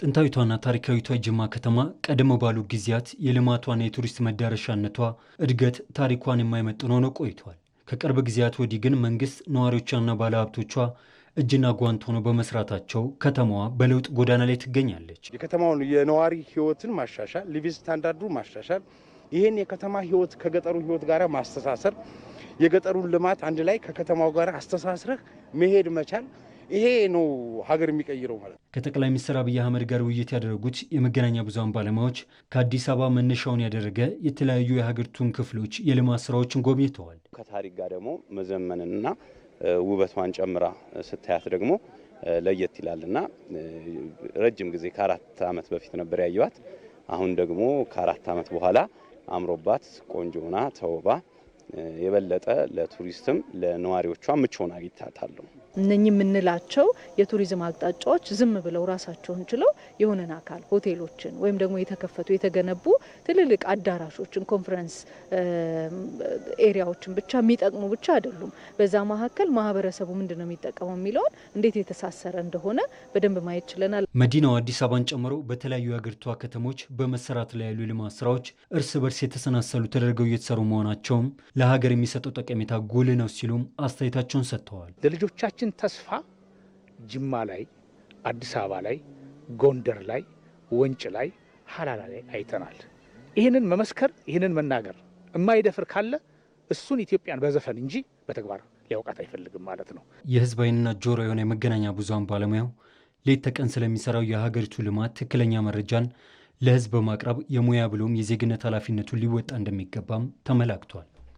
ጥንታዊቷና ታሪካዊቷ ጅማ ከተማ ቀደም ባሉ ጊዜያት የልማቷና የቱሪስት መዳረሻነቷ እድገት ታሪኳን የማይመጥን ሆኖ ቆይቷል። ከቅርብ ጊዜያት ወዲህ ግን መንግስት፣ ነዋሪዎቿና ባለሀብቶቿ እጅና ጓንት ሆኖ በመስራታቸው ከተማዋ በለውጥ ጎዳና ላይ ትገኛለች። የከተማውን የነዋሪ ህይወትን ማሻሻል፣ ሊቪንግ ስታንዳርዱ ማሻሻል፣ ይህን የከተማ ህይወት ከገጠሩ ህይወት ጋር ማስተሳሰር፣ የገጠሩን ልማት አንድ ላይ ከከተማው ጋር አስተሳስረህ መሄድ መቻል ይሄ ነው ሀገር የሚቀይረው ማለት ነው። ከጠቅላይ ሚኒስትር አብይ አህመድ ጋር ውይይት ያደረጉት የመገናኛ ብዙን ባለሙያዎች ከአዲስ አበባ መነሻውን ያደረገ የተለያዩ የሀገሪቱን ክፍሎች የልማት ስራዎችን ጎብኝተዋል። ከታሪክ ጋር ደግሞ መዘመንንና ውበቷን ጨምራ ስታያት ደግሞ ለየት ይላልና ረጅም ጊዜ ከአራት ዓመት በፊት ነበር ያየዋት። አሁን ደግሞ ከአራት ዓመት በኋላ አምሮባት ቆንጆ ሆና ተውባ የበለጠ ለቱሪስትም ለነዋሪዎቿ ምቹ ሆና አግኝታታለሁ። እነኚህ የምንላቸው የቱሪዝም አቅጣጫዎች ዝም ብለው ራሳቸውን ችለው የሆነን አካል ሆቴሎችን ወይም ደግሞ የተከፈቱ የተገነቡ ትልልቅ አዳራሾችን፣ ኮንፈረንስ ኤሪያዎችን ብቻ የሚጠቅሙ ብቻ አይደሉም። በዛ መካከል ማህበረሰቡ ምንድን ነው የሚጠቀመው የሚለውን እንዴት የተሳሰረ እንደሆነ በደንብ ማየት ችለናል። መዲናው አዲስ አበባን ጨምሮ በተለያዩ የሀገሪቷ ከተሞች በመሰራት ላይ ያሉ ልማት ስራዎች እርስ በርስ የተሰናሰሉ ተደርገው እየተሰሩ መሆናቸውም ለሀገር የሚሰጠው ጠቀሜታ ጉል ነው ሲሉም አስተያየታቸውን ሰጥተዋል። ለልጆቻችን ተስፋ ጅማ ላይ፣ አዲስ አበባ ላይ፣ ጎንደር ላይ፣ ወንጭ ላይ፣ ሀላላ ላይ አይተናል። ይህንን መመስከር ይህንን መናገር የማይደፍር ካለ እሱን ኢትዮጵያን በዘፈን እንጂ በተግባር ሊያውቃት አይፈልግም ማለት ነው። የህዝብ ዓይንና ጆሮ የሆነ የመገናኛ ብዙሃን ባለሙያው ሌት ተቀን ስለሚሰራው የሀገሪቱ ልማት ትክክለኛ መረጃን ለህዝብ በማቅረብ የሙያ ብሎም የዜግነት ኃላፊነቱን ሊወጣ እንደሚገባም ተመላክቷል።